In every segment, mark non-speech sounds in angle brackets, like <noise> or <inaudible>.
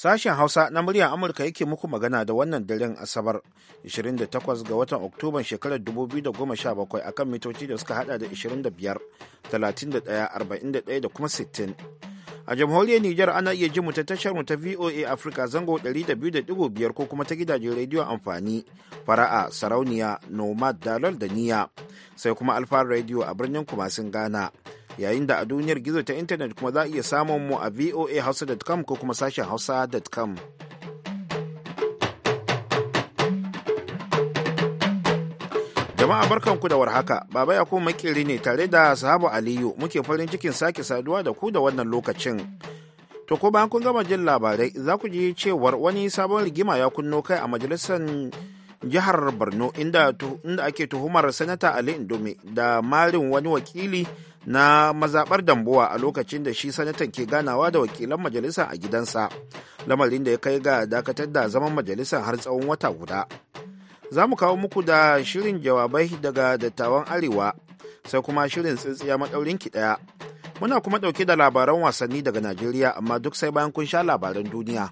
Sashen Hausa na muryar Amurka yake muku magana da wannan daren Asabar 28 ga watan Oktoban shekarar 2017 akan mitoci da suka hada da 25, 31, 41 da kuma 60. A jamhuriyar Nijar ana iya ji mu ta tashar mu ta VOA Africa zango 200.5 ko kuma ta gidajen rediyo amfani fara'a sarauniya nomad dalal da niya sai kuma alfa Rediyo a birnin kumasin Ghana. yayin da a duniyar gizo ta intanet kuma za a iya samun mu a voahausa.com ko kuma sashen hausa.com. Jama'a barkanku da warhaka, Baba kuma Makiri ne tare da Sahabu Aliyu muke farin cikin sake saduwa da ku da wannan lokacin. To ko bayan kun gama jin labarai za ku ji cewar wani sabon rigima ya kunno kai a majalisar jihar borno inda, ake tuhumar sanata ali indomi da marin wani wakili na mazabar dambuwa a lokacin da shi sanatan ke ganawa da wakilan majalisa a gidansa lamarin da ya kai ga dakatar da zaman majalisa har tsawon wata guda za mu kawo muku da shirin jawabai daga dattawan arewa sai kuma shirin tsintsiya maɗaurin ki ɗaya muna kuma ɗauke da labaran wasanni daga najeriya amma duk sai bayan kun sha labaran duniya.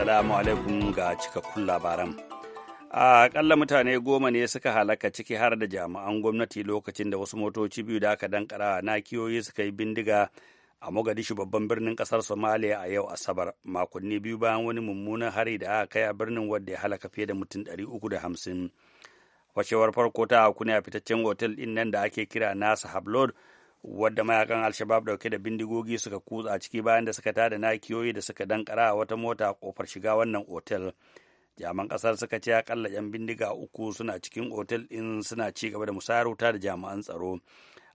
Assalamu alaikum ga cikakkun labaran. a ƙalla mutane goma ne suka halaka ciki har da jami'an gwamnati lokacin da wasu motoci biyu da aka dankara na kiyoyi suka yi bindiga a Mogadishu babban birnin ƙasar Somalia a yau Asabar, makonni biyu bayan wani mummunan hari da aka kai a birnin wadda ya halaka fiye da mutum ɗari uku da hamsin. Fashewar farko ta a fitaccen otel ɗin nan da ake kira Nasa Hablod wadda mayakan alshabab dauke da bindigogi suka kutsa ciki bayan da suka tada nakiyoyi da suka dankara a wata mota a kofar shiga wannan otel jaman kasar suka ce akalla yan bindiga uku suna cikin otel din suna ci gaba da musayar wuta da jami'an tsaro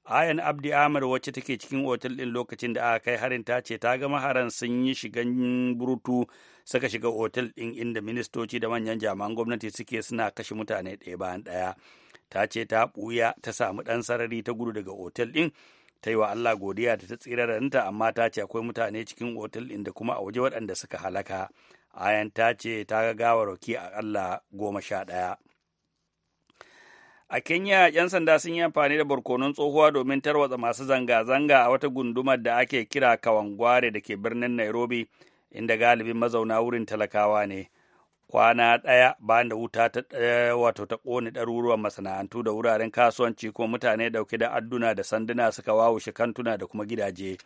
ayan abdi ahmad wacce take cikin otel din lokacin da aka kai harin ta ce ta ga maharan sun yi shigan burutu suka shiga otel din inda ministoci da manyan jami'an gwamnati suke suna kashe mutane ɗaya bayan ɗaya ta ce ta ɓuya ta samu ɗan sarari ta gudu daga otel ɗin ta yi wa Allah godiya da ta tsira da ɗanta amma ta ce akwai mutane cikin otal inda kuma a waje waɗanda suka halaka ayan ta ce ta ga gawarwaki a Allah goma sha ɗaya. A Kenya, 'yan sanda sun yi amfani da barkonon tsohuwa domin tarwatsa masu zanga-zanga a wata gundumar da ake kira Kawangware da ke birnin Nairobi, inda galibin mazauna wurin talakawa ne. kwana ɗaya bayan da wuta ta eh, wato ta ƙone ɗaruruwan masana'antu da wuraren kasuwanci kuma mutane ɗauke da adduna da sanduna suka wawushe kantuna da kuma gidaje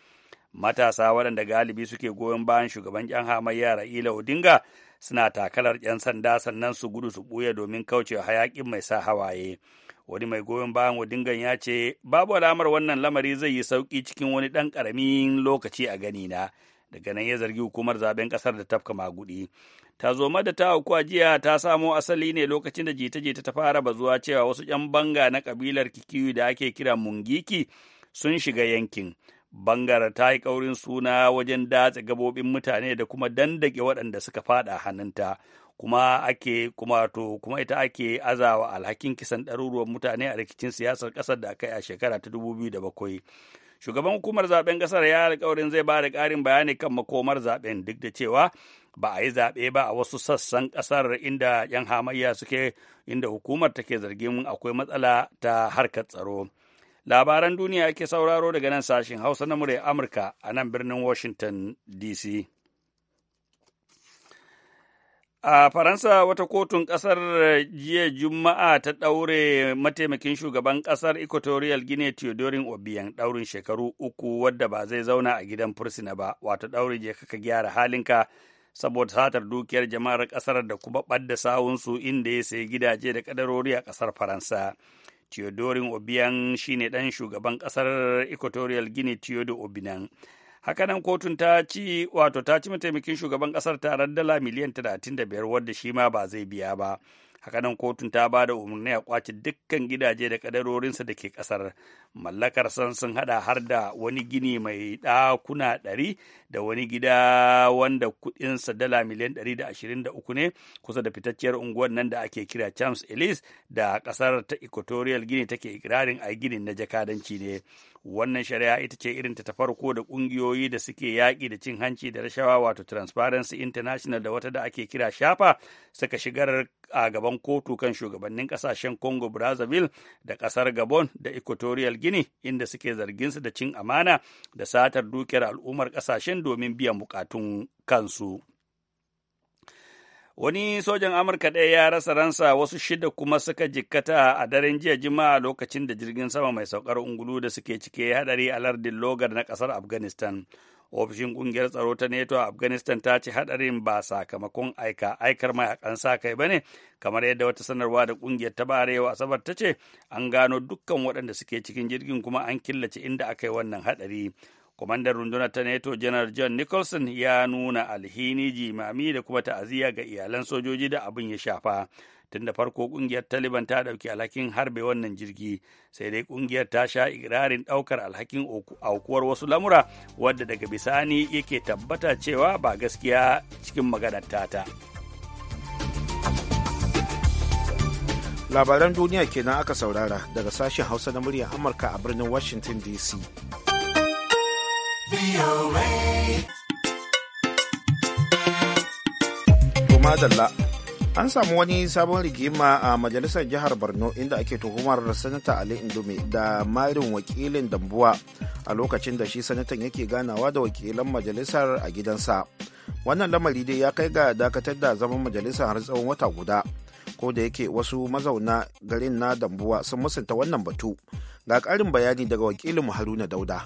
matasa waɗanda galibi suke goyon bayan shugaban 'yan hamayya ra'ila odinga suna takalar ƴan sanda sannan su gudu su ɓuya domin kaucewa hayaƙin mai sa hawaye wani mai goyon bayan odingan ya ce babu alamar wannan lamari zai yi sauƙi cikin wani ɗan ƙaramin lokaci a gani na daga nan ya zargi hukumar zaben ƙasar da tafka maguɗi ta tazoma da ta auku a jiya ta samo asali ne lokacin da jita-jita ta fara bazuwa cewa wasu 'yan banga na kabilar kikiyu da ake kira mungiki sun shiga yankin bangar ta yi ƙaurin suna wajen datse gabobin mutane da kuma dandake waɗanda suka faɗa hannunta kuma ake kuma to kuma ita ake azawa alhakin kisan ɗaruruwan mutane a rikicin siyasar ƙasar da aka yi a shekara ta da bakwai! shugaban hukumar zaben ƙasar ya alƙawarin zai ba da ƙarin bayani kan makomar zaben duk da cewa ba a yi zaɓe ba a wasu sassan ƙasar inda 'yan hamayya suke inda hukumar take zargin akwai matsala ta harkar tsaro labaran duniya ake sauraro daga nan sashen hausa na murya amurka a nan birnin washington dc a faransa wata kotun ƙasar jiya juma'a ta ɗaure mataimakin shugaban ƙasar equatorial guinea theodorin obiyan ɗaurin shekaru uku wadda ba zai zauna a gidan fursuna ba wato ɗaure je kaka gyara halinka saboda satar dukiyar jama'ar kasar da kuma ɓadda sawunsu inda ya sayi gidaje da kadarori a kasar Faransa. Theodorin Obiang shine ɗan shugaban kasar Equatorial Guinea theodor obinang hakanan kotun ta ci wato ta ci mataimakin shugaban kasar tarar dala miliyan 35 wadda shi ma ba zai biya ba haka nan kotun ta ba da umarni a kwace dukkan gidaje da kadarorinsa da ke kasar mallakar san sun hada har da wani gini mai dakuna ɗari da wani gida wanda kudinsa dala miliyan ɗari da ashirin da uku ne kusa da fitacciyar unguwar nan da ake kira champs elise da kasar ta equatorial gini take ikirarin a ginin na jakadanci ne wannan shari'a ita ce irin ta farko da ƙungiyoyi da suke yaƙi da cin hanci da rashawa wato transparency international da wata da ake kira shafa suka shigar a gaban kotu kan shugabannin ƙasashen congo brazzaville da ƙasar gabon da equatorial guinea inda suke zargin su da cin amana da satar dukiyar al'ummar ƙasashen domin biyan bukatun kansu. Wani sojan Amurka ɗaya ya rasa ransa wasu shida kuma suka jikkata a daren jiya jima'a lokacin da jirgin sama mai saukar ungulu da suke cike hadari a lardin Logar na ƙasar Afghanistan. Ofishin ƙungiyar tsaro ta NATO a Afghanistan ta ce hadarin ba sakamakon aika aikar mayakan sa kai ba ne? kamar yadda wata sanarwa da ƙungiyar ta barewa Asabar ta ce an gano dukkan waɗanda suke cikin jirgin kuma an killace inda aka yi wannan hadari. kwamandan rundunar ta neto janar john nicholson ya nuna alhini jimami da kuma ta'aziyya ga iyalan sojoji da abin ya shafa tun da farko kungiyar taliban ta ɗauki alhakin harbe wannan jirgi sai dai kungiyar ta sha ikirarin ɗaukar alhakin aukuwar wasu lamura wadda daga bisani yake tabbata cewa ba gaskiya cikin maganar tata labaran duniya kenan aka saurara daga sashen hausa na muryar amurka a birnin washington dc tumadalla an samu wani sabon rigima a majalisar jihar borno inda ake tuhumar sanata ali indumi da marin wakilin dambuwa a lokacin da shi sanatan yake ganawa da wakilan majalisar a gidansa wannan lamari dai ya kai ga dakatar da zaman majalisar har tsawon wata guda ko da yake wasu mazauna garin na dambuwa sun musanta wannan batu ga ƙarin bayani daga wakilin haruna dauda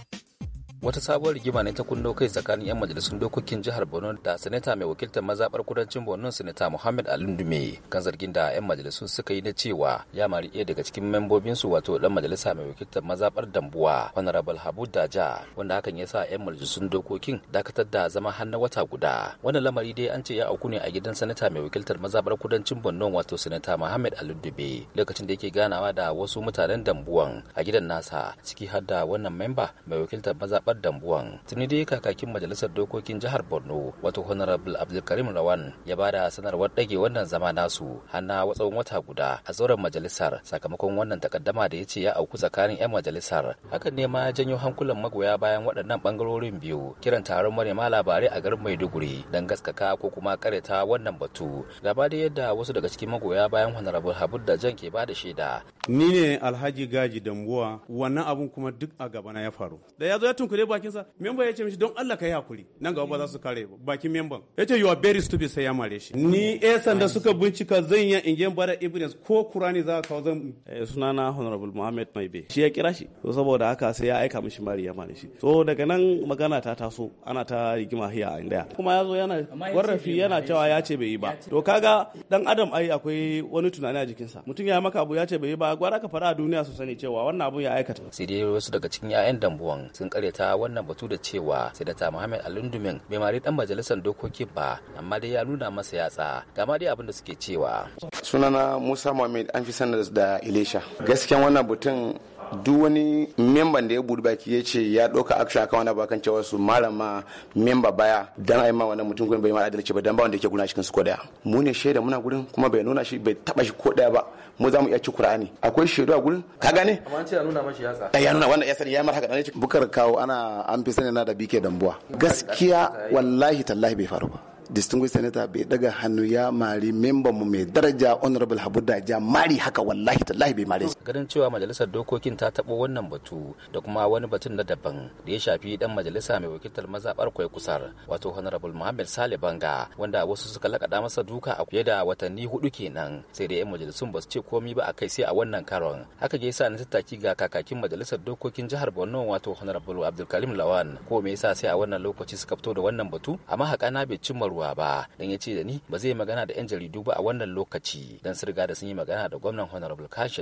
wata sabuwar rigima ne ta kunno kai tsakanin 'yan majalisun dokokin jihar borno da sanata mai wakiltar mazaɓar kudancin borno sanata muhammad alindume kan zargin da 'yan majalisun suka yi na cewa ya mari iya daga cikin membobinsu wato dan majalisa mai wakiltar mazaɓar dambuwa honorable habu daja wanda hakan ya sa 'yan majalisun dokokin dakatar da zama har na wata guda wannan lamari dai an ce ya auku ne a gidan sanata mai wakiltar mazaɓar kudancin borno wato sanata muhammad alindume lokacin da yake ganawa da wasu mutanen dambuwan a gidan nasa ciki har da wannan memba mai wakiltar mazaɓar karɓar dambuwan tuni dai kakakin majalisar dokokin jihar borno wato honorable abdulkarim rawan ya bada sanarwar dage wannan zama nasu hana tsawon wata guda a tsoron majalisar sakamakon wannan takaddama da ya ce ya auku tsakanin 'yan majalisar hakan ne ma janyo hankulan magoya bayan waɗannan bangarorin biyu kiran taron manema labarai a garin maiduguri don gaskaka ko kuma kareta wannan batu gaba da yadda wasu daga cikin magoya bayan honorable habib da jan ke bada shaida ni ne alhaji gaji dambuwa wannan abun kuma duk a gabana ya faru da ya zo ya tunkuri. daidai bakin sa memba ya ce mishi don Allah ka yi hakuri nan gaba ba za su kare bakin memban ya ce you are very stupid sai ya mare shi ni eh sanda suka bincika zan yi in ingen bada evidence ko kurani za ka kawo zan eh, sunana honorable Muhammad Maibe shi ya kira shi to saboda haka sai ya aika mishi mari ya mare shi to daga nan magana ta taso ana ta rigima hiya a inda kuma yazo zo yana warrafi yana cewa ya ce bai yi ba to kaga dan adam ai akwai wani tunani a jikinsa mutum ya maka abu ya ce bai yi ba gwara ka fara a duniya su sani cewa wannan abu ya aikata sai dai wasu daga cikin 'ya'yan dambuwan sun karyata wannan batu da cewa Sanata Muhammad Alundumin bai mari dan majalisar dokokin ba amma dai ya nuna masa yatsa ga dai abin da suke cewa. Sunana Musa Muhammad an fi sanar da Ilesha. Gaskiyan wannan batun duk wani memban da ya buɗe baki ya ce ya ɗauka action kawana wani bakan cewa su malama memba baya dan yi ma wannan mutum bai ma adalci ba dan ba wanda yake guna cikin su ko daya mu ne shaida muna gurin kuma bai nuna shi bai taba shi ko daya ba mu za mu iya ci Qur'ani akwai shaidu a gurin ka gane amma an ce ya nuna mashi yatsa eh, ya nuna wannan yatsa ya mar haka dan bukar kawo ana an fi sani na da bike dambuwa gaskiya wallahi tallahi bai faru ba distinguished senator bai daga hannu ya mari memban mu mai daraja honorable habu ja mari haka wallahi tallahi bai mari ganin cewa majalisar dokokin ta tabo wannan batu da kuma wani batun na daban da ya shafi dan majalisa mai wakiltar mazabar kwai kusar wato honorable muhammad sale banga wanda wasu suka lakada masa duka a fiye da watanni hudu kenan sai da yan majalisun ba su ce komi ba a kai sai a wannan karon haka ke yasa na tattaki ga kakakin majalisar dokokin jihar borno wato honorable abdulkarim lawan ko me yasa sai a wannan lokaci suka fito da wannan batu amma haƙana bai cimma ruwa cewa ba dan ya ce da ni ba zai magana da 'yan jaridu ba a wannan lokaci dan sun da sun yi magana da gwamnan honorable kashi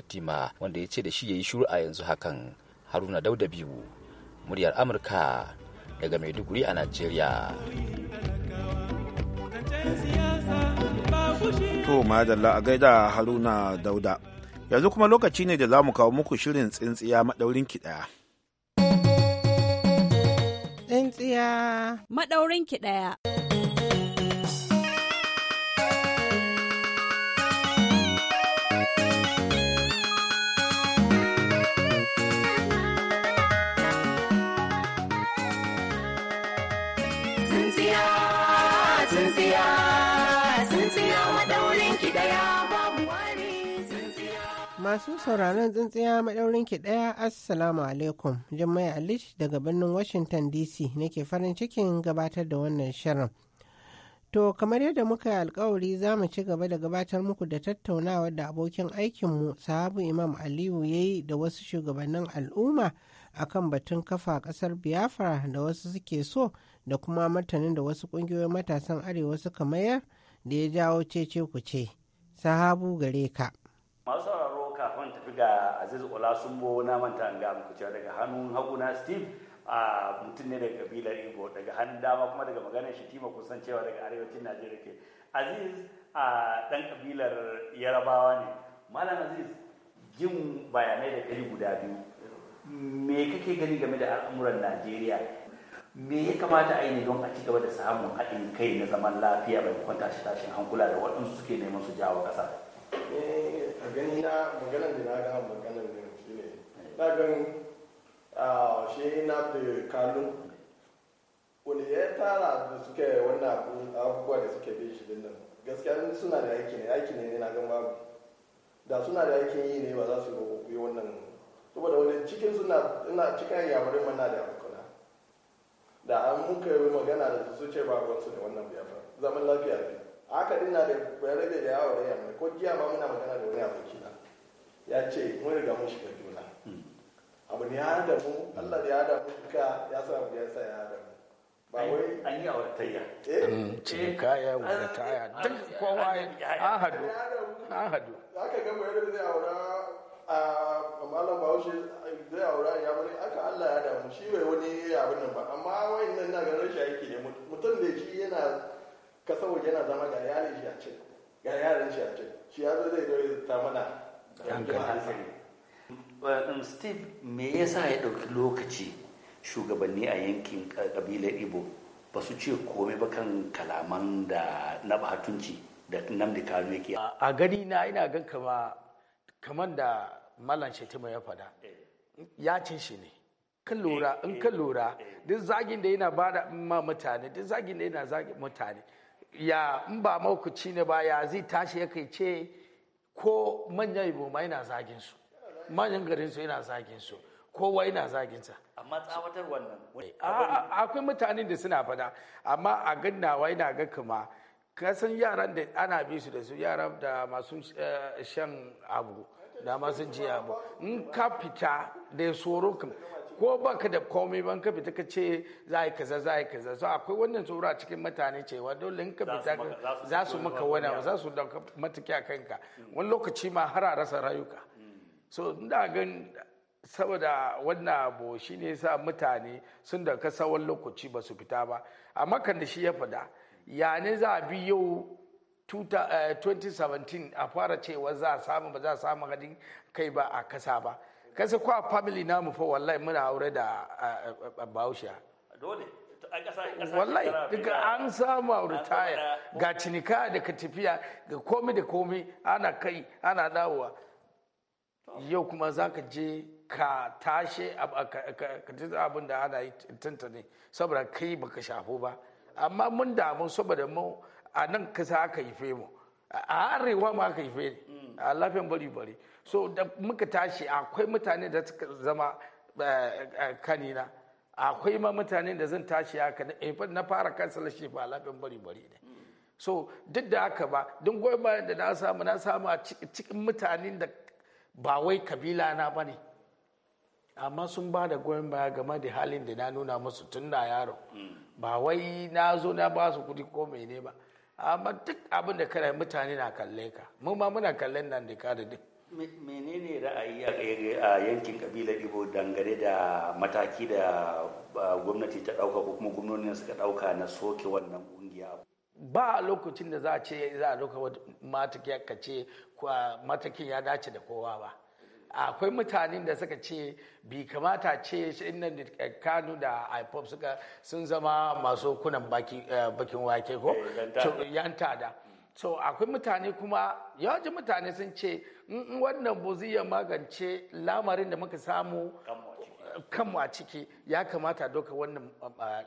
wanda ya ce da shi ya yi shuru a yanzu hakan haruna dauda biyu muryar amurka daga maiduguri a najeriya to madalla a gaida haruna dauda yanzu kuma lokaci ne da za mu kawo muku shirin tsintsiya maɗaurin ki ɗaya. Tsintsiya maɗaurin ki ɗaya. Masu sauraron tsintsiya maɗaurin ki ɗaya Assalamu alaikum. Jummai Alish daga birnin Washington DC nake farin cikin gabatar da wannan shirin. To kamar yadda muka yi alkawari za mu ci gaba da gabatar muku da tattaunawa da abokin aikinmu sahabu Imam Aliyu ya yi da wasu shugabannin al'umma a kan batun kafa ƙasar Biafra da wasu suke so da kuma martanin da wasu ƙungiyoyin matasan arewa suka mayar da ya jawo cece ku ce. Sahabu gare ka. Masu kafin tafi ga aziz ola sumbo na manta an ga muku cewa daga hannun hagu na steve a mutum ne daga kabilar igbo daga hannun dama kuma daga maganar shatima kusan cewa daga arewacin najeriya ke aziz a dan kabilar yarabawa ne malam aziz jin bayanai da kari guda biyu me kake gani game da al'amuran najeriya me ya kamata a yi don a ci gaba da samun haɗin kai na zaman lafiya bai kwanta shi tashin hankula da waɗansu suke neman su jawo ƙasa eh, a gani na maganar da na ga maganar da shi ne na gan shi na da kalun wani ya tara da suke wannan abubuwa da suke bin shi dinnan gaskiya suna da aiki ne aiki ne na gan babu da suna da aikin yi ne ba za su yi wannan saboda wani cikin suna ina cikin yamurin mana da abokana da an muka yi magana da su ce ba ruwansu da wannan biyar ba zaman lafiya ne haka din na da rabe da yawo da yamma ko jiya ma muna magana da wani abokin na ya ce mun riga mun shiga juna hmm. abu ne ya da mu Allah ya da mu duka ya sa mu ya sa ya da mu ba wai an yi auratayya eh hmm, ce eh. kaya wanda kaya duk kowa ya hadu an hadu haka ga mu yadda zai aura a malam bahaushe zai aura ya bari aka Allah ya da mu shi bai wani abin nan ba amma wayannan na ganin shi yake ne mutum da shi yana ka saboda yana zama ga yaran shi a ce, ga yaran shi a ce. shi ya zo zai zo ta mana hankali steve me yasa ya dauki lokaci shugabanni a yankin kabilar ibo ba su ce komai ba kan kalaman da na batunci da namdi kano yake a gani na ina gan kama kamar da malam shetima ya fada eh. ya cin shi ne kan lura in kan eh, eh, lura duk zagin da yana bada ma mutane duk zagin da yana zagin mutane ya in ba maukaci ne ba ya zai tashi ya kai ce ko manyan iboma yana zagin su manyan garin su yana zagin su kowa yana zagin sa amma tsawatar wannan akwai mutanen da suna fada amma a gannawa yana ga kuma kasan yaran da ana bi su da su yaran da masu eh, shan abu da masu ji abu in ka fita da ya tsoro ko baka da komai ban ka fita ka ce za a yi kaza za a yi kaza so akwai wannan tsoro a cikin mutane cewa dole in ka fita za su maka wani za su dauka mataki a kanka wani lokaci ma har a rasa rayuka so ina gan saboda wannan abu shi ne sa mutane sun da kasawan lokaci ba su fita ba amma kan da shi ya fada ya ne za a bi yau 2017 eh, a fara cewa za a samu ba za a samu hadin kai ba a kasa ba kasa kwa family mu fa wallahi muna aure da bahaushe dole wallahi an samu ritaya ga cinika da ka tafiya ga komi da komi ana kai ana dawowa yau kuma za ka je ka tashe abin da ana yi tuntuni saboda kai baka shafo ba amma mun damu saboda mu a nan kasa aka yi mu a arewa ma aka yi fe mm. a lafiyan bari bari so da muka tashi akwai mutane da suka zama eh, eh, kanina akwai ma mutane da zan tashi haka na eh, fara kansala shi ba labin bari bari ne so duk da haka ba don goyi bayan da na samu na samu a cikin mutanen da ba wai kabila na ba ne amma sun ba da goyon baya game da halin da na nuna musu tun na yaro ba wai na zo na ba su kudi ko mene ba amma duk abin da kana mutane na kalle ka mu ma muna kallon nan da ka da duk menene ra'ayi a yankin kabilar ibo dangane da mataki da gwamnati ta dauka ko kuma gwamnati suka dauka na soke wannan kungiya ba lokacin da za a ce za a dauka matakin ka ce matakin ya dace da kowa ba akwai mutanen da suka ce bi kamata ce innan da kanu da ipop suka sun zama masu kunan eh, bakin wake ko eh, yan tada so akwai mutane kuma yawancin mutane sun ce wannan bu ya magance lamarin da muka samu kanmu a ciki ya kamata doka wannan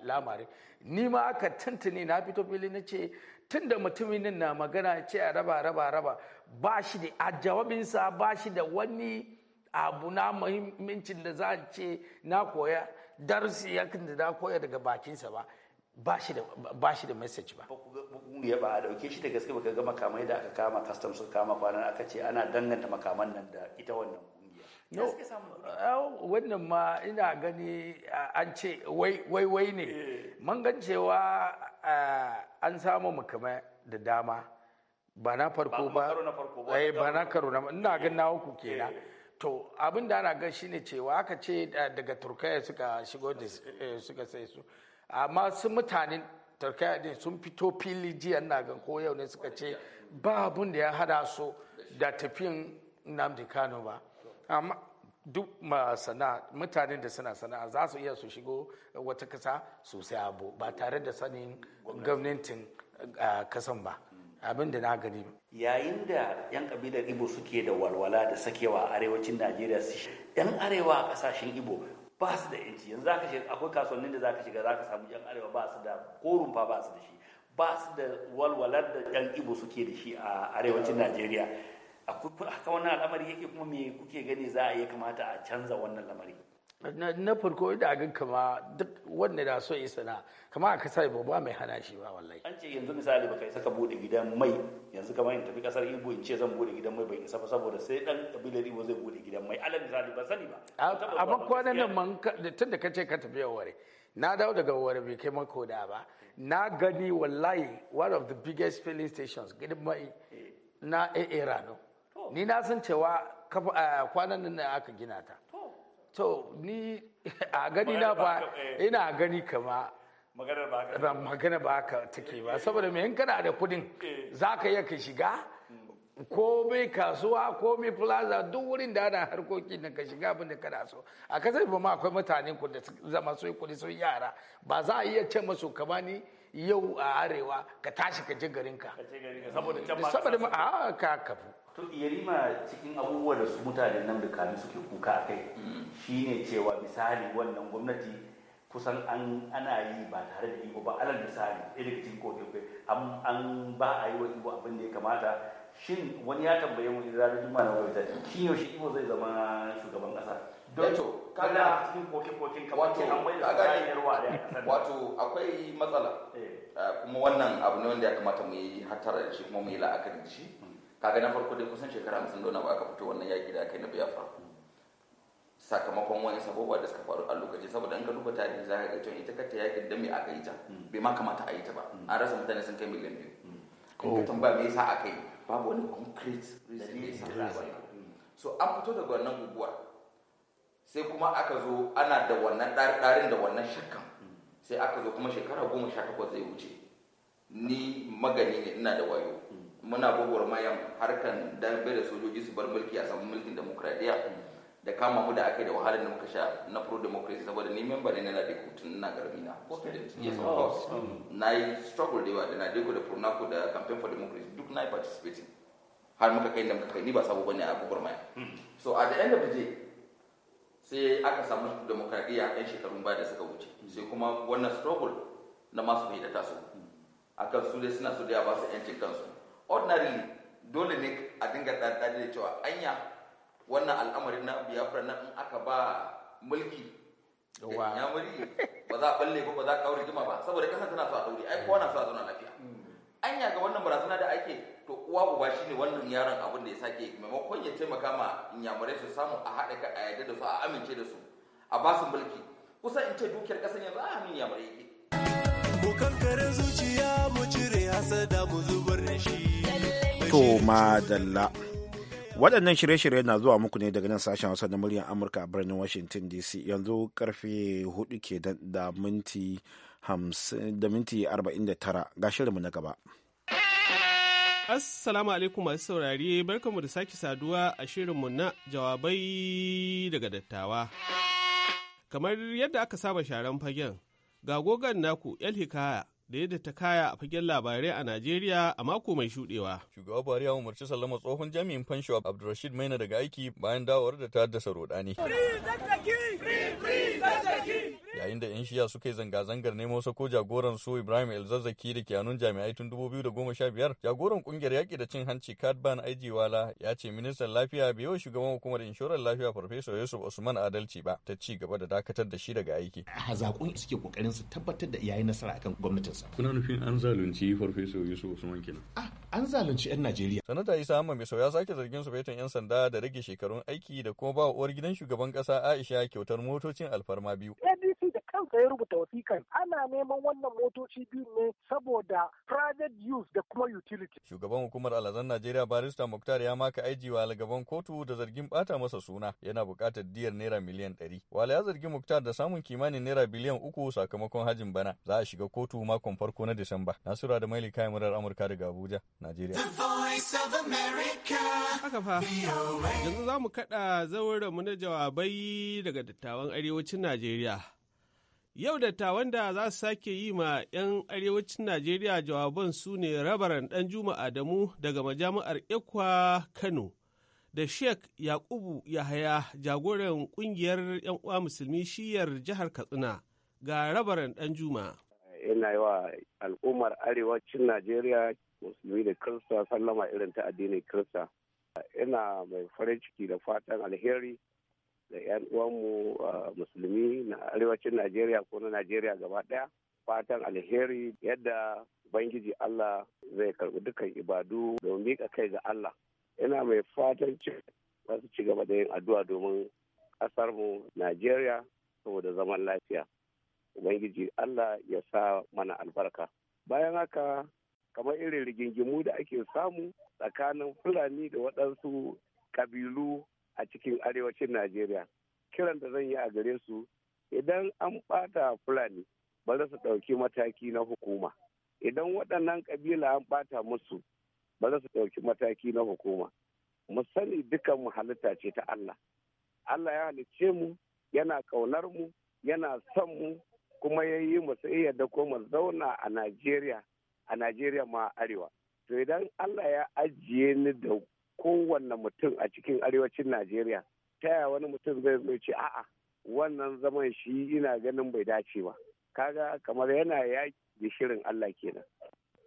lamarin ni ma aka tuntuni na fito fili na ce tun da mutumin na magana ce a raba raba raba ba shi da a jawabinsa ba shi da wani abu na muhimmancin da za a ce na koya darusi yakin da na koya daga bakinsa ba ba shi da message ba. ya ba a dauke shi da gaske ba ga makamai da aka kama custom suka kama kwanan aka ce ana danganta makaman nan da ita wannan no wannan ma ina gani an ce wai wai ne eh. man gan cewa an samu makamai da dama ba na farko ba ba eh, na karo na ina eh. gan na ku kenan to abin da ana gan shine cewa aka ce daga turkaya suka shigo da suka sai su amma su mutanen turkiya din sun fito fili jiya na gan ko yau ne suka ce ba abun da ya hada su da tafiyan Nnamdi Kano ba amma duk masana mutanen da suna sana'a za su iya su shigo wata kasa sosai abu ba tare da sanin gwamnatin kasan ba abin da na gani yayin da 'yan kabilar ibo suke da walwala da sakewa a arewacin najeriya yan arewa a kasashen ibo ba su da yanci yanzu zaka shiga akwai kasuwannin da zaka shiga zaka samu yan arewa ba su da ko rumfa ba su da shi ba su da walwalar da yan ibo suke da shi a arewacin Najeriya akwai haka wannan al'amari yake kuma me kuke gani za a iya kamata a canza wannan lamari na farko da ga kama duk wanda da so yi sana kama a kasar ba ba mai hana shi ba wallahi an ce yanzu misali ba kai saka bude gidan mai yanzu kama in tafi kasar ibo in ce zan bude gidan mai bai isa ba saboda sai dan kabilar ibo zai bude gidan mai alal misali ba sani ba amma kwanan nan man tun da kace ka tafi yaware na dawo daga wara bai kai mako da ba na gani wallahi one of the biggest filling stations gidan mai eh. na era no ni na san cewa kwanan nan aka gina ta to ni <laughs> a gani na ba eh. ina gani kama magana ba ka take ba saboda mai kana da kudin eh. za ka iya ka shiga ko mai kasuwa ko mai plaza duk wurin da ana harkoki na ka shiga abin da kana so a kasar ba ma akwai mutane ku da zama su kudi sun yara ba za a iya ce masu kama ni yau a arewa ka tashi ka je garinka saboda ba saboda ma a ka kafu to yarima cikin abubuwa da su mutane nan da kanu suke kuka a kai shine cewa misali wannan gwamnati kusan ana yi ba tare da iko ba alal misali irin cikin kai an ba a yi wa abin da ya kamata shin wani ya tambaye mu da juma'a na wata shi yaushe iko zai zama shugaban kasa don kana cikin koke-koken kamar ke an da kayan ruwa da wato akwai matsala eh. Eh, kuma wannan abu ne wanda ya kamata mu yi hatara da shi kuma mu yi la'akari da shi kaga na farko dai kusan shekara hamsin da wani aka fito wannan yaki da kai na biyafa. sakamakon wani saboba da suka faru a lokaci saboda in ka duba tarihi za ka ga cewa ita kata yakin da me aka yi ta bai ma kamata a yi ta ba mm. an rasa mutane sun kai miliyan biyu mm. in ka oh. tambaya me yasa aka yi babu wani concrete reason me yasa so an fito daga wannan guguwa sai kuma aka zo ana da wannan ɗarin da wannan shakkan sai aka zo kuma shekara goma sha takwas zai wuce ni magani ne ina da wayo muna gogor mayan harkan dambe da sojoji su bar mulki a samu mulkin demokradiyya da kama mu da aka yi da wahalar da muka sha na pro democracy saboda ni memba ne na Nadeko tun na garbi na yes of mm-hmm. course oh, na yi struggle da yawa da Nadeko da Pronaco da campaign for democracy duk na yi participating har muka kai da muka kai ni ba sabo bane a gogor mayan mm-hmm. so at the end of the day sai aka samu demokradiyya yan shekarun baya da suka wuce mm. sai kuma wannan struggle na masu bai da taso mm. kan su dai suna so da ba su yancin kansu ordinarily dole ne a dinga ɗaɗɗaɗe da cewa anya wannan al'amarin na biyafra na in aka ba mulki da yamuri ba za a balle ba ba za a kawo rigima ba saboda kasa tana so a ɗauri ai kowa na so a zauna lafiya mm. anya ga wannan barazana da ake to uwa uba shine wannan yaron abin da ya sake maimakon ya taimaka ma inyamurai su samu a hada ka a yarda da su a amince da su a ba su mulki kusa in ce dukiyar ƙasar yanzu a hannun inyamurai yake. mu kankare zuciya mu cire hasada mu zubar da shi. to madalla waɗannan shirye-shirye na zuwa muku ne daga nan sashen hausa da muryar amurka a birnin washington dc yanzu karfe hudu ke da minti da minti 49 ga shirinmu na gaba. Assalamu alaikum masu saurari. barkanmu da sake saduwa a shirinmu na jawabai daga dattawa. Kamar yadda aka saba sharan fagen, ga gogan naku 'yan Hikaya da yadda ta kaya a fagen labarai a Najeriya a mako mai shudewa. Shugaba Buhari ya umarci sallama tsohon jami'in fansho Abdulrashid Maina daga aiki bayan dawowar da ta haddasa rodani. a inda 'yan shiya suka yi zanga-zangar nemo sako jagoran su Ibrahim Elzazzaki da kiyanun jami'ai tun dubu biyu goma sha biyar jagoran kungiyar yaƙi da cin hanci Kadban Aijiwala ya ce ministan lafiya bai wa shugaban hukumar inshorar lafiya Farfesa Yusuf Usman adalci ba ta ci gaba da dakatar da shi daga aiki. Hazakun suke kokarin su tabbatar da yayi nasara akan gwamnatinsa. Kuna nufin an zalunci Farfesa Yusuf Usman kenan. Ah, an zalunci 'yan Najeriya. Sanata Isa amma Bisau ya sake zargin su 'yan sanda da rage shekarun aiki da kuma ba uwar gidan shugaban kasa Aisha kyautar motocin alfarma biyu. sai ya rubuta wasikan ana neman wannan motoci biyu ne saboda private use da kuma utility. Shugaban hukumar alazan Najeriya barista Muktar ya maka aiji wa algaban kotu da zargin bata masa suna yana buƙatar diyar naira miliyan ɗari. Wala ya zargi Muktar da samun kimanin naira biliyan uku sakamakon hajin bana za a shiga kotu makon farko na Disamba. Nasura da Maili kayan murar Amurka daga Abuja, Najeriya. Haka fa, yanzu za mu kaɗa zauren mu na jawabai daga dattawan arewacin Najeriya. Yau dattawan da za su sake yi ma 'yan arewacin Najeriya jawaban su ne rabaran ɗan Juma Adamu daga majami'ar Ikwa Kano da Sheikh Yakubu Yahaya jagoran ƙungiyar 'yan uwa musulmi shiyar jihar Katsina ga rabaran ɗan Juma. Ina yi wa al'ummar arewacin Najeriya musulmi da Kirista sallama irin ta addinin Kirista. Ina mai farin ciki da fatan alheri da 'yan uwanmu musulmi na arewacin najeriya ko na najeriya gaba ɗaya. fatan alheri yadda ubangiji allah zai karɓi dukkan ibadu domin miƙa kai ga allah ina mai fatan za su ci gaba da yin addu'a domin ƙasarmu najeriya saboda zaman lafiya ubangiji allah ya sa mana albarka bayan haka kamar irin rigingimu da ake samu tsakanin fulani da waɗansu kabilu a cikin arewacin najeriya kiran da zan yi a gare su idan an bata fulani ba za su ɗauki mataki na hukuma idan waɗannan ƙabila an ɓata musu ba za su ɗauki mataki na hukuma mu sani dukan mu halitta ce ta Allah Allah ya halicce mu yana ƙaunar mu yana son mu kuma ya yi mu sai ya dako mu zauna a Najeriya a Najeriya ma arewa to idan Allah ya ajiye ni da kowanne mutum a cikin arewacin najeriya ta yaya wani mutum zai zo ce a'a wannan zaman shi ina ganin bai dace ba kaga kamar yana yaƙi da shirin allah kenan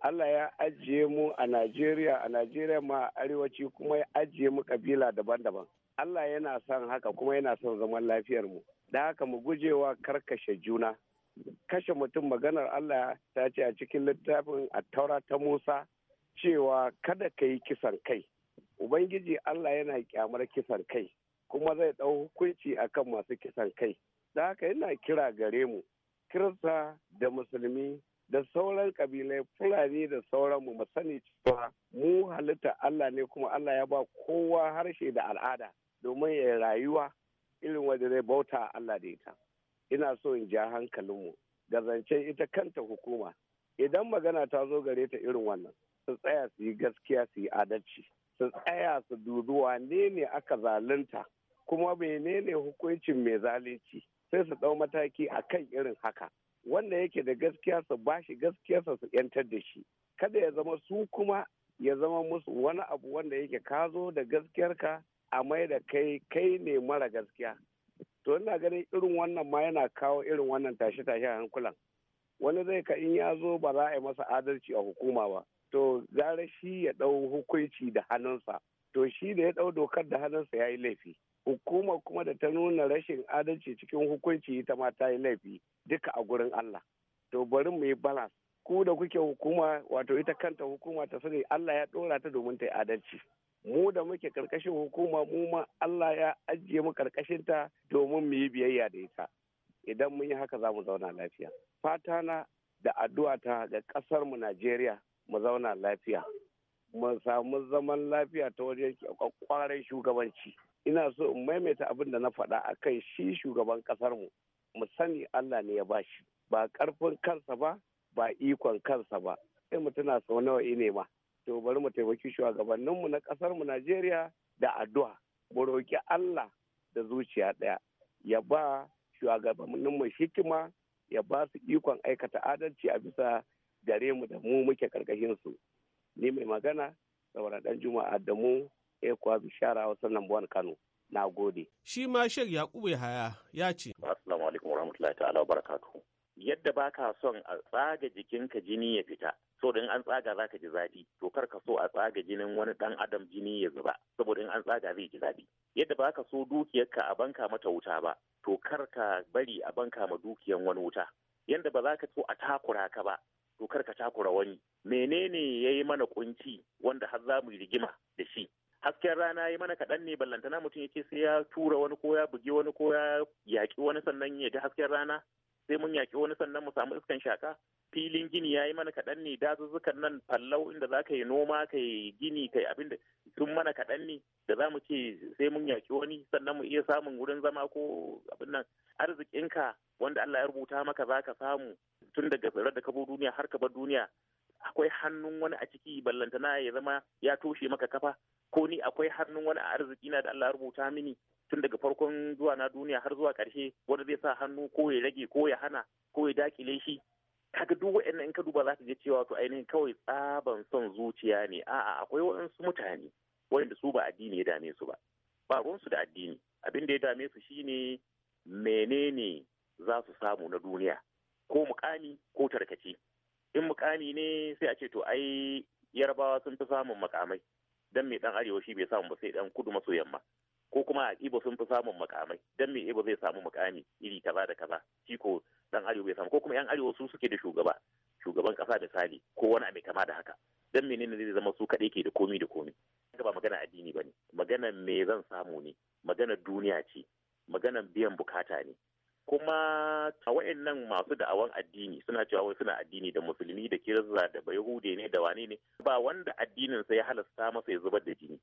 allah ya ajiye mu a najeriya a najeriya ma arewaci kuma ya ajiye mu kabila daban-daban allah yana son haka kuma yana son zaman lafiyar mu da haka mu gujewa karkashe juna kashe mutum maganar allah ta ce a cikin littafin a taura ta musa cewa kada ka yi kisan kai ubangiji allah yana kyamar kisan kai kuma zai ɗau hukunci akan masu kisan kai da haka yana kira gare mu kirista da musulmi da sauran kabilai fulani da sauran mu sani cewa mu halitta allah ne kuma allah ya ba kowa harshe da al'ada domin ya rayuwa irin wanda zai bauta allah da ita ina so in ja hankalinmu ga zancen ita kanta hukuma idan magana ta zo gare ta irin wannan su tsaya su yi gaskiya su yi adalci su tsaya su dubi wane ne aka zalunta kuma menene hukuncin mai zalunci sai su ɗau mataki a kan irin haka wanda yake da gaskiya su ba shi gaskiyarsa su yantar da shi kada ya zama su kuma ya zama musu wani abu wanda yake ka zo da gaskiyarka a mai da kai kai ne mara gaskiya to ina ganin irin wannan ma yana kawo irin wannan tashe-tashe hankulan wani zai ka in ya zo ba za a yi masa adalci a hukuma ba to gara shi ya ɗau hukunci da hannunsa to shi da ya ɗau dokar da hannunsa ya yi laifi hukuma kuma da ta nuna rashin adalci cikin hukunci ita ma ta yi laifi duka a gurin Allah to bari mu yi balas. ku da kuke hukuma wato ita kanta hukuma ta sani Allah ya ɗora ta domin ta yi adalci mu da muke karkashin hukuma mu ma Allah ya ajiye mu karkashin ta domin mu yi biyayya da ita idan mun yi haka za mu zauna lafiya fatana da addu'a ta ga kasar mu Najeriya mu zauna lafiya mu samu zaman lafiya ta wajen kwakwaren shugabanci ina so in maimaita abin da na faɗa akan shi shugaban ƙasarmu mu sani Allah ne ya ba shi ba ƙarfin kansa ba ba ikon kansa ba sai mu tana sau nawa ne ma to bari mu taimaki shugabanninmu na ƙasarmu Najeriya da addu'a mu roki Allah da zuciya ɗaya ya ba shugabanninmu hikima ya ba su ikon aikata adalci a bisa gare mu da mu muke karkashin su ni mai magana saboda dan juma'a da mu ekwa bishara wasan nan kano na gode shi ma shek yakubu haya ya ce assalamu alaikum warahmatullahi ta'ala barakatu yadda ba ka son a tsaga jikinka jini ya fita so in an tsaga za ka ji zafi to kar ka so a tsaga jinin wani dan adam jini ya zuba saboda in an tsaga zai ji zafi yadda ba ka so dukiyarka a banka mata wuta ba to kar ka bari a banka ma dukiyan wani wuta yadda ba za ka so a takura ka ba to kar ka takura wani menene ya yi mana kunci wanda har za mu yi rigima da shi hasken rana ya yi mana kaɗan ne ballantana mutum ya sai ya tura wani ko ya bugi wani ko ya yaƙi wani sannan ya ji hasken rana sai mun yaƙi wani sannan mu samu iskan shaka filin gini ya yi mana kaɗan ne dazuzzukan nan fallau inda za ka yi noma ka yi gini ka yi abin da sun mana kaɗan ne da za mu ce sai mun yaƙi wani sannan mu iya samun wurin zama ko abin nan arzikinka wanda Allah ya rubuta maka za ka samu tun daga tsirar da ka duniya har ka bar duniya akwai hannun wani a ciki ballantana ya zama ya toshe maka kafa ko ni akwai hannun wani a arziki na da Allah rubuta mini tun daga farkon zuwa na duniya har zuwa ƙarshe wanda zai sa hannu ko ya rage ko ya hana ko ya dakile shi kaga duk wa'annan in ka duba za ka ga cewa to ainihin kawai tsaban son zuciya ne a'a akwai waɗansu mutane waɗanda su ba addini ya dame su ba ba ruwansu da addini abin da ya dame su shine menene za su samu na duniya ko mukami ko tarkace in mukami ne sai a ce to ai yarabawa sun fi samun makamai dan mai dan arewa shi bai samu ba sai dan kudu maso yamma ko kuma a ibo sun fi samun makamai dan me ibo zai samu mukami iri kaza da kaza shi ko dan arewa bai samu ko kuma yan arewa su suke da shugaba shugaban kasa misali ko wani abu kama da haka dan menene zai zama su kaɗai ke da komi da komi ba magana addini ba ne magana me zan samu ne magana duniya ce magana biyan bukata ne kuma a wa'annan masu da'awan addini suna cewa wai suna addini da musulmi da kirista da bayahude ne da wane ne ba wanda addinin sa ya halasta masa ya zubar da jini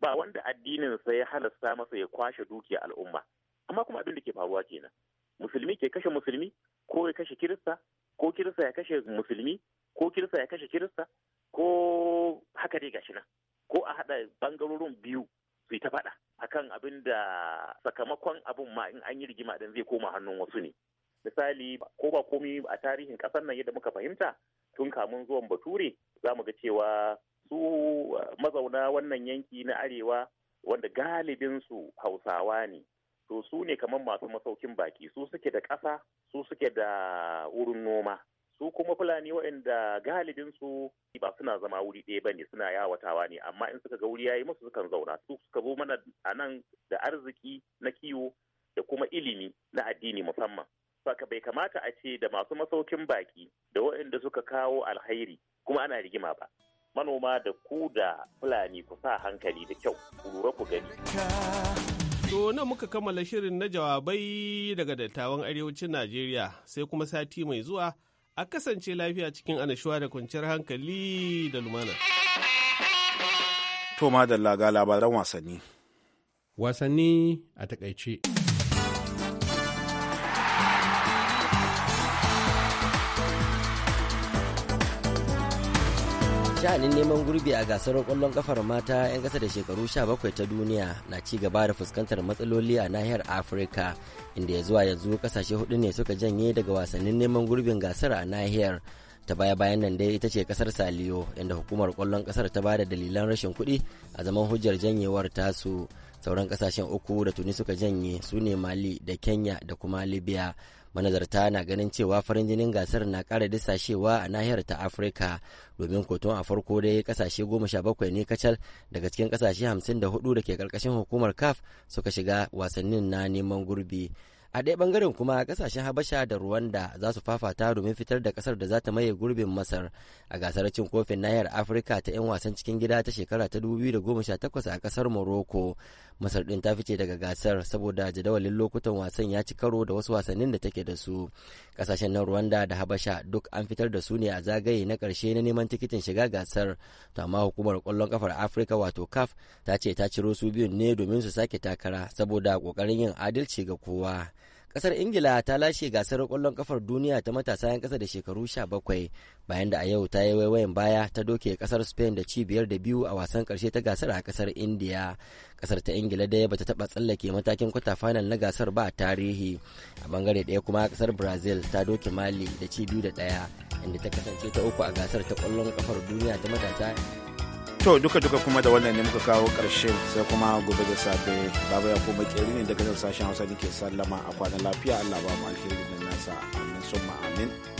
ba wanda addinin sa ya halasta masa ya kwashe dukiya al'umma amma kuma abin da ke faruwa kenan musulmi ke kashe musulmi ko ya kashe kirista ko kirista ya kashe musulmi ko kirista ya kashe kirista ko haka dai gashi nan ko a haɗa bangarorin biyu su yi ta faɗa akan abin da sakamakon abin ma in an yi rigima dan zai koma hannun wasu ne misali ko ba komi a tarihin ƙasar nan yadda muka fahimta tun kamun zuwan bature za mu ga cewa su uh, mazauna wannan yanki na arewa wanda galibinsu hausawa ne to su ne kamar masu masaukin baki su suke da ƙasa su suke da wurin noma su kuma fulani waɗanda galibinsu ba suna zama wuri ɗaya bane ne suna yawatawa ne amma in suka ga wuri yayi musu sukan zauna su suka zo mana a nan da arziki na kiwo da kuma ilimi na addini musamman saka bai kamata a ce da masu masaukin baki da waɗanda suka kawo alhairi kuma ana rigima ba manoma da ku da fulani ku sa hankali da kyau ku lura ku gani To nan muka kammala shirin na jawabai daga dattawan arewacin Najeriya sai kuma sati mai zuwa a kasance lafiya cikin anashuwa da kwanciyar hankali da lumana. To madalla ga labaran wasanni. Wasanni a takaice. sha'anin neman gurbi a gasar kwallon kafar mata 'yan kasa da shekaru 17 ta duniya na ci gaba da fuskantar matsaloli a nahiyar afirka inda ya zuwa yanzu kasashe hudu ne suka janye daga wasannin neman gurbin gasar a nahiyar ta baya bayan nan dai ita ce kasar saliyo inda hukumar kwallon kasar ta ba da dalilan rashin kuɗi a zaman hujjar janyewar tasu sauran kasashen uku da tuni suka janye su ne mali da kenya da kuma libya manazarta na ganin cewa farin jinin gasar na kara disashewa a nahiyar ta afirka domin koton a farko dai kasashe goma sha bakwai ne kacal daga cikin kasashe hamsin da hudu da ke karkashin hukumar caf suka shiga wasannin na neman gurbi a ɗaya bangaren kuma kasashen habasha da rwanda za su fafata domin fitar da kasar da za ta maye gurbin masar a gasar cin kofin nahiyar afirka ta 'yan wasan cikin gida ta shekara ta 2018 a kasar morocco masar ɗin ta fice daga gasar saboda jadawalin lokutan wasan ya ci karo da wasu wasannin da take da su ƙasashen na rwanda da habasha duk an fitar da su ne a zagaye na karshe na neman tikitin shiga gasar to amma hukumar kwallon kafar afirka wato caf ta ce ta ciro su biyun ne domin su sake takara saboda kokarin yin adalci ga kowa Kasar Ingila ta lashe gasar kwallon kafar duniya ta matasa 'yan kasa da shekaru 17 bayan da a yau ta yi waiwayen baya ta doke kasar Spain da ci biyar da biyu a wasan karshe ta gasar a kasar India. Kasar ta Ingila daya bata taba tsallake matakin kwata final na gasar ba a tarihi. A bangare daya kuma kasar Brazil ta doke Mali da ci biyu da daya inda ta kasance ta uku a gasar ta kwallon kafar duniya ta matasa to duka duka kuma da wannan ne muka kawo karshen sai kuma gobe da safe baba ya kuma keri ne daga sashen hausa da ke sallama a kwanan lafiya allah ba mu alheri na nasa amin summa amin